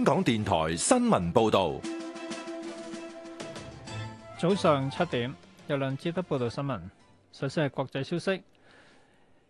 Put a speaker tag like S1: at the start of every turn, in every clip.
S1: 香港電台新聞報道，
S2: 早上七點，由梁志德報道新聞。首先係國際消息，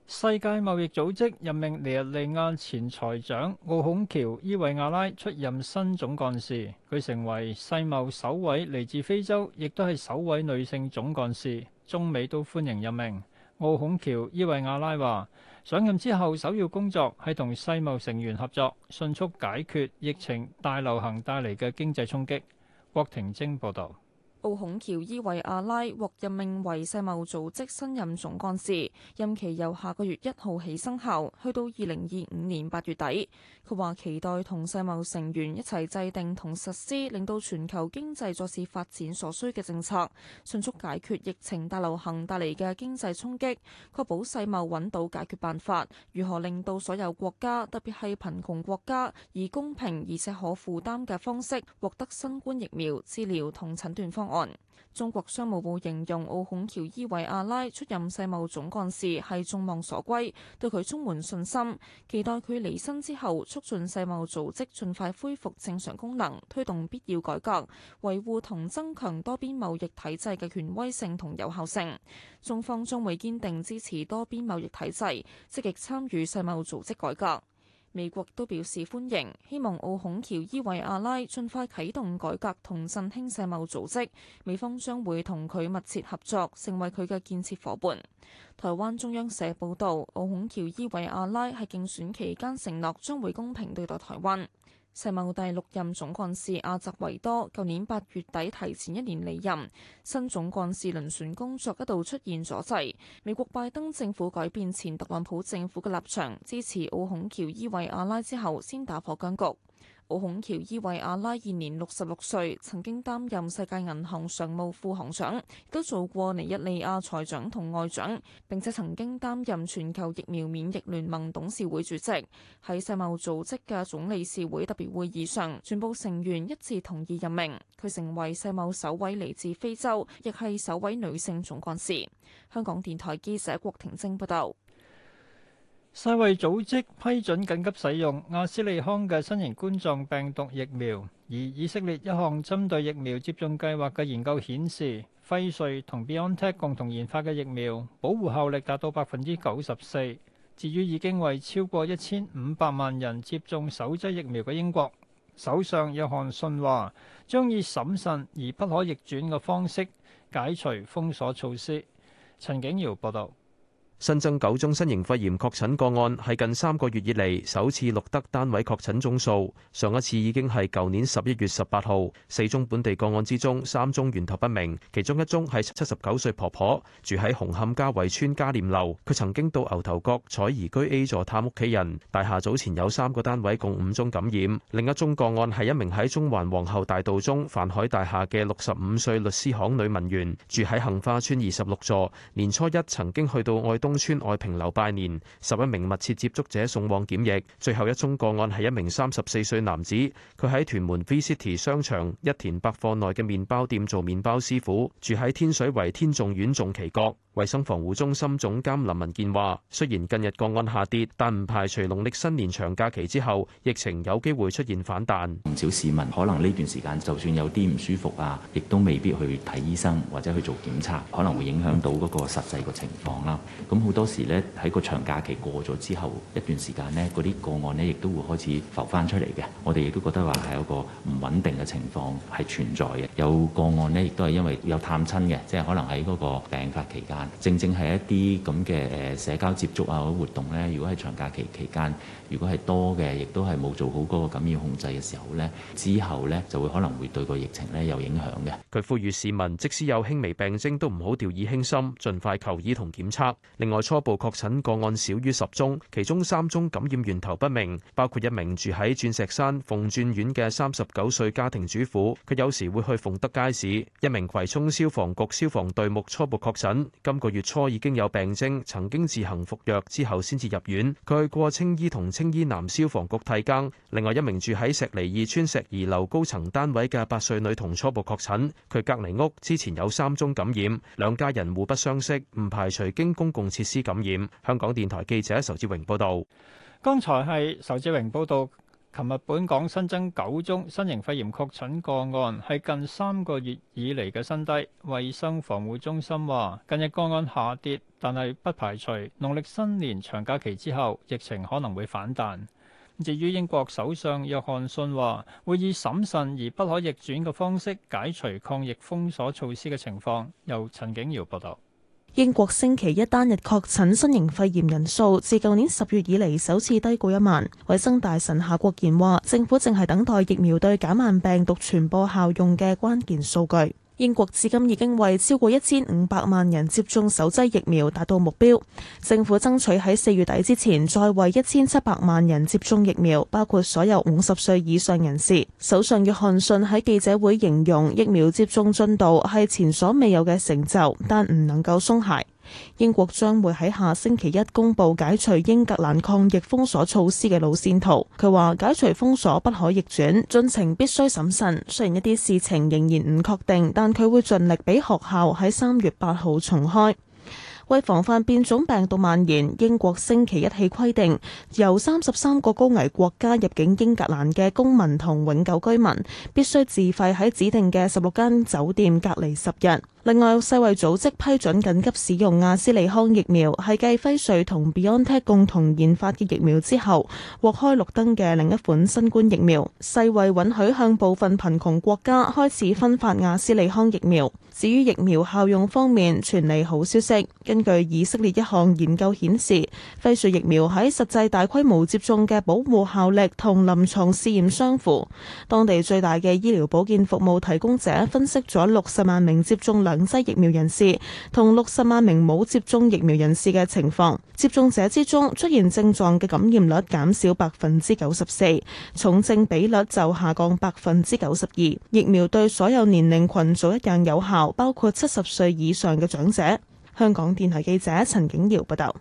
S2: 世界貿易組織任命尼日利亞前財長奧孔喬伊維亞拉出任新總幹事，佢成為世貿首位嚟自非洲，亦都係首位女性總幹事。中美都歡迎任命。奧孔喬伊維亞拉話。上任之後，首要工作係同世貿成員合作，迅速解決疫情大流行帶嚟嘅經濟衝擊。郭婷晶報導。
S3: 布孔喬伊維阿拉獲任命為世貿組織新任總幹事，任期由下個月一號起生效，去到二零二五年八月底。佢話期待同世貿成員一齊制定同實施，令到全球經濟再次發展所需嘅政策，迅速解決疫情大流行帶嚟嘅經濟衝擊，確保世貿揾到解決辦法，如何令到所有國家，特別係貧窮國家，以公平而且可負擔嘅方式獲得新冠疫苗、治療同診斷方案中國商務部形容奧孔喬伊維阿拉出任世貿總幹事係眾望所歸，對佢充滿信心，期待佢離身之後促進世貿組織盡快恢復正常功能，推動必要改革，維護同增強多邊貿易體制嘅權威性同有效性。中方將會堅定支持多邊貿易體制，積極參與世貿組織改革。美國都表示歡迎，希望奧孔喬伊維阿拉盡快啟動改革同振興世貿組織，美方將會同佢密切合作，成為佢嘅建設伙伴。台灣中央社報導，奧孔喬伊維阿拉喺競選期間承諾將會公平對待台灣。世貿第六任總幹事阿澤維多，舊年八月底提前一年離任。新總幹事遴選工作一度出現阻滯，美國拜登政府改變前特朗普政府嘅立場，支持奧孔喬伊維阿拉之後，先打破僵局。奧孔喬伊維阿拉現年六十六歲，曾經擔任世界銀行常務副行長，亦都做過尼日利亞財長同外長，並且曾經擔任全球疫苗免疫聯盟董事會主席。喺世貿組織嘅總理事會特別會議上，全部成員一致同意任命佢成為世貿首位嚟自非洲，亦係首位女性總幹事。香港電台記者郭婷晶報道。
S2: 世衛組織批准緊急使用阿斯利康嘅新型冠狀病毒疫苗，而以色列一項針對疫苗接種計劃嘅研究顯示，輝瑞同 BioNTech 共同研發嘅疫苗保護效力達到百分之九十四。至於已經為超過一千五百萬人接種首劑疫苗嘅英國，首相約翰遜話將以審慎而不可逆轉嘅方式解除封鎖措施。陳景瑤報道。
S1: 新增九宗新型肺炎確診個案，係近三個月以嚟首次錄得單位確診宗數。上一次已經係舊年十一月十八號。四宗本地個案之中，三宗源頭不明，其中一宗係七十九歲婆婆，住喺紅磡家維邨嘉廉樓，佢曾經到牛頭角彩怡居 A 座探屋企人。大廈早前有三個單位共五宗感染。另一宗個案係一名喺中環皇后大道中泛海大廈嘅六十五歲律師行女文員，住喺杏花邨二十六座，年初一曾經去到愛東鄉村外平樓拜年，十一名密切接觸者送往檢疫。最後一宗個案係一名三十四歲男子，佢喺屯門 V City 商場一田百貨內嘅麵包店做麵包師傅，住喺天水圍天頌苑頌其閣。衛生防護中心總監林文健話：雖然近日個案下跌，但唔排除農曆新年長假期之後，疫情有機會出現反彈。唔少市民可能呢段時間就算有啲唔舒服啊，亦都未必去睇醫生或者去做檢查，可能會影響到嗰個實際個情況啦。好多時咧喺個長假期過咗之後一段時間呢，嗰啲個案呢亦都會開始浮返出嚟嘅。我哋亦都覺得話係有個唔穩定嘅情況係存在嘅。有個案呢，亦都係因為有探親嘅，即係可能喺嗰個病發期間，正正係一啲咁嘅誒社交接觸啊活動呢。如果喺長假期期間，如果係多嘅，亦都係冇做好嗰個感染控制嘅時候呢，之後呢就會可能會對個疫情呢有影響嘅。佢呼籲市民，即使有輕微病徵都唔好掉以輕心，盡快求醫同檢測。外初步確診個案少於十宗，其中三宗感染源頭不明，包括一名住喺鑽石山鳳鑽苑嘅三十九歲家庭主婦，佢有時會去鳳德街市；一名葵涌消防局消防隊目初步確診，今個月初已經有病徵，曾經自行服藥之後先至入院，佢去過青衣同青衣南消防局替更。另外一名住喺石籬二村石宜樓高層單位嘅八歲女童初步確診，佢隔離屋之前有三宗感染，兩家人互不相識，唔排除經公共。設施感染。香港電台記者仇志榮報道。
S2: 剛才係仇志榮報道。琴日本港新增九宗新型肺炎確診個案，係近三個月以嚟嘅新低。衛生防護中心話，近日個案下跌，但係不排除農曆新年長假期之後疫情可能會反彈。至於英國首相約翰遜話，會以審慎而不可逆轉嘅方式解除抗疫封鎖措施嘅情況，由陳景堯報道。
S4: 英國星期一單日確診新型肺炎人數自舊年十月以嚟首次低過一萬。衞生大臣夏國賢話：政府正係等待疫苗對減慢病毒傳播效用嘅關鍵數據。英國至今已經為超過一千五百萬人接種首劑疫苗達到目標，政府爭取喺四月底之前再為一千七百萬人接種疫苗，包括所有五十歲以上人士。首相約翰遜喺記者會形容疫苗接種進度係前所未有嘅成就，但唔能夠鬆懈。英國將會喺下星期一公布解除英格蘭抗疫封鎖措施嘅路線圖。佢話解除封鎖不可逆轉，進程必須審慎。雖然一啲事情仍然唔確定，但佢會盡力俾學校喺三月八號重開。為防範變種病毒蔓延，英國星期一起規定，由三十三個高危國家入境英格蘭嘅公民同永久居民，必須自費喺指定嘅十六間酒店隔離十日。另外，世衛組織批准緊急使用阿斯利康疫苗，係繼輝瑞同 BioNTech 共同研發嘅疫苗之後獲開綠燈嘅另一款新冠疫苗。世衛允許向部分貧窮國家開始分發阿斯利康疫苗。至於疫苗效用方面，傳嚟好消息。根據以色列一項研究顯示，輝瑞疫苗喺實際大規模接種嘅保護效力同臨床試驗相符。當地最大嘅醫療保健服務提供者分析咗六十萬名接種量。等劑疫苗人士同六十萬名冇接種疫苗人士嘅情況，接種者之中出現症狀嘅感染率減少百分之九十四，重症比率就下降百分之九十二。疫苗對所有年齡群組一樣有效，包括七十歲以上嘅長者。香港電台記者陳景瑤報道。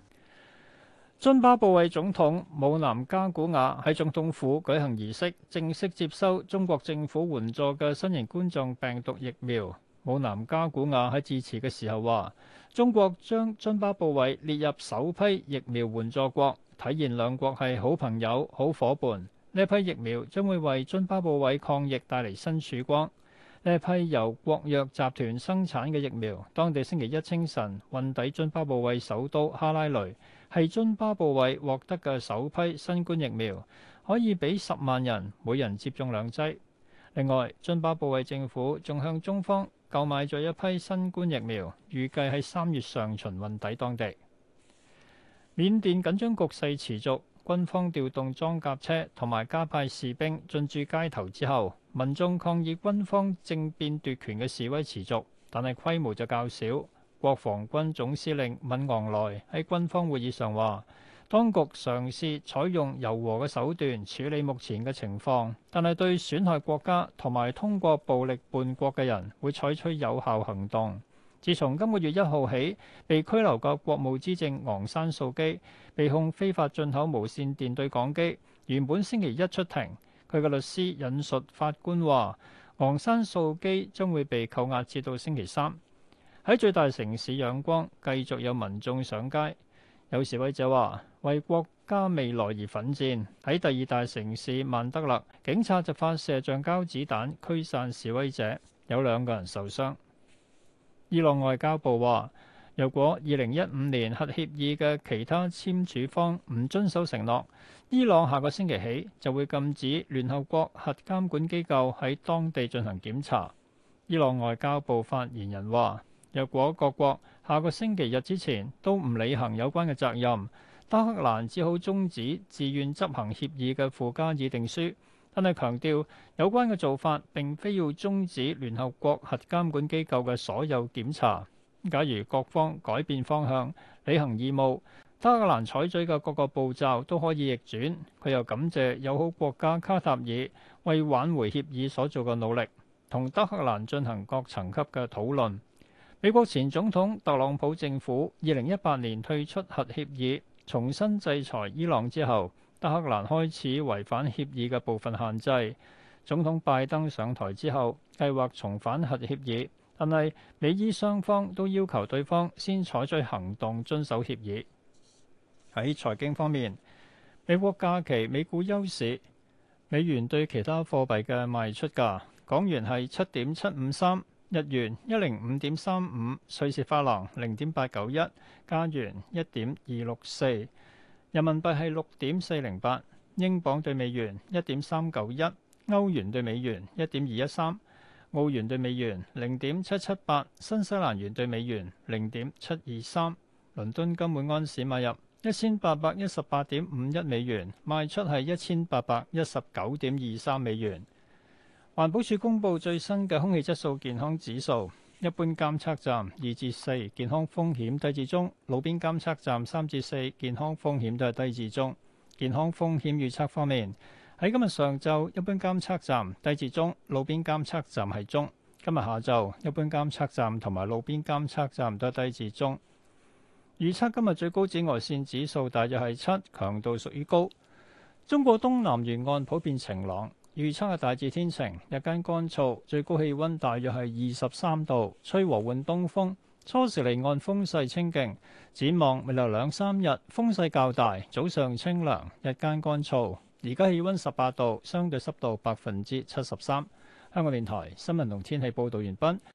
S2: 津巴布韋總統姆南加古瓦喺總統府舉行儀式，正式接收中國政府援助嘅新型冠狀病毒疫苗。武南加古亞喺致辭嘅時候話，中國將津巴布韋列入首批疫苗援助國，體現兩國係好朋友、好伙伴。呢批疫苗將會為津巴布韋抗疫帶嚟新曙光。呢批由國藥集團生產嘅疫苗，當地星期一清晨運抵津巴布韋首都哈拉雷，係津巴布韋獲得嘅首批新冠疫苗，可以俾十萬人每人接種兩劑。另外，津巴布韋政府仲向中方。購買咗一批新冠疫苗，預計喺三月上旬運抵當地。緬甸緊張局勢持續，軍方調動裝甲車同埋加派士兵進駐街頭之後，民眾抗議軍方政變奪權嘅示威持續，但係規模就較少。國防軍總司令敏昂萊喺軍方會議上話，當局嘗試採用柔和嘅手段處理目前嘅情況，但係對損害國家同埋通過暴力叛國嘅人，會採取有效行動。自從今個月一號起，被拘留嘅國務資政昂山素基被控非法進口無線電對講機，原本星期一出庭，佢嘅律師引述法官話：昂山素基將會被扣押至到星期三。喺最大城市仰光，繼續有民眾上街。有示威者話：為國家未來而奮戰。喺第二大城市曼德勒，警察就發射橡膠子彈驅散示威者，有兩個人受傷。伊朗外交部話：若果二零一五年核協議嘅其他簽署方唔遵守承諾，伊朗下個星期起就會禁止聯合國核監管機構喺當地進行檢查。伊朗外交部發言人話：若果各國下個星期日之前都唔履行有關嘅責任，德克蘭只好終止自願執行協議嘅附加議定書。但係強調有關嘅做法並非要終止聯合國核監管機構嘅所有檢查。假如各方改變方向、履行義務，德克蘭採取嘅各個步驟都可以逆轉。佢又感謝友好國家卡塔爾為挽回協議所做嘅努力，同德克蘭進行各層級嘅討論。美國前總統特朗普政府二零一八年退出核協議、重新制裁伊朗之後，德黑蘭開始違反協議嘅部分限制。總統拜登上台之後，計劃重返核協議，但係美伊雙方都要求對方先採取行動遵守協議。喺財經方面，美國假期美股休市，美元對其他貨幣嘅賣出價，港元係七點七五三。日元一零五點三五，瑞士法郎零點八九一，加元一點二六四，人民幣係六點四零八，英鎊對美元一點三九一，歐元對美元一點二一三，澳元對美元零點七七八，新西蘭元對美元零點七二三。倫敦金每安士買入一千八百一十八點五一美元，賣出係一千八百一十九點二三美元。環保署公布最新嘅空氣質素健康指數，一般監測站二至四，健康風險低至中；路邊監測站三至四，健康風險都係低至中。健康風險預測方面，喺今日上晝，一般監測站低至中，路邊監測站係中；今日下晝，一般監測站同埋路邊監測站都係低至中。預測今日最高紫外線指數大約係七，強度屬於高。中國東南沿岸普遍晴朗。預測係大致天晴，日間乾燥，最高氣溫大約係二十三度，吹和緩東風。初時離岸風勢清勁，展望未來兩三日風勢較大，早上清涼，日間乾燥。而家氣溫十八度，相對濕度百分之七十三。香港電台新聞同天氣報道完畢。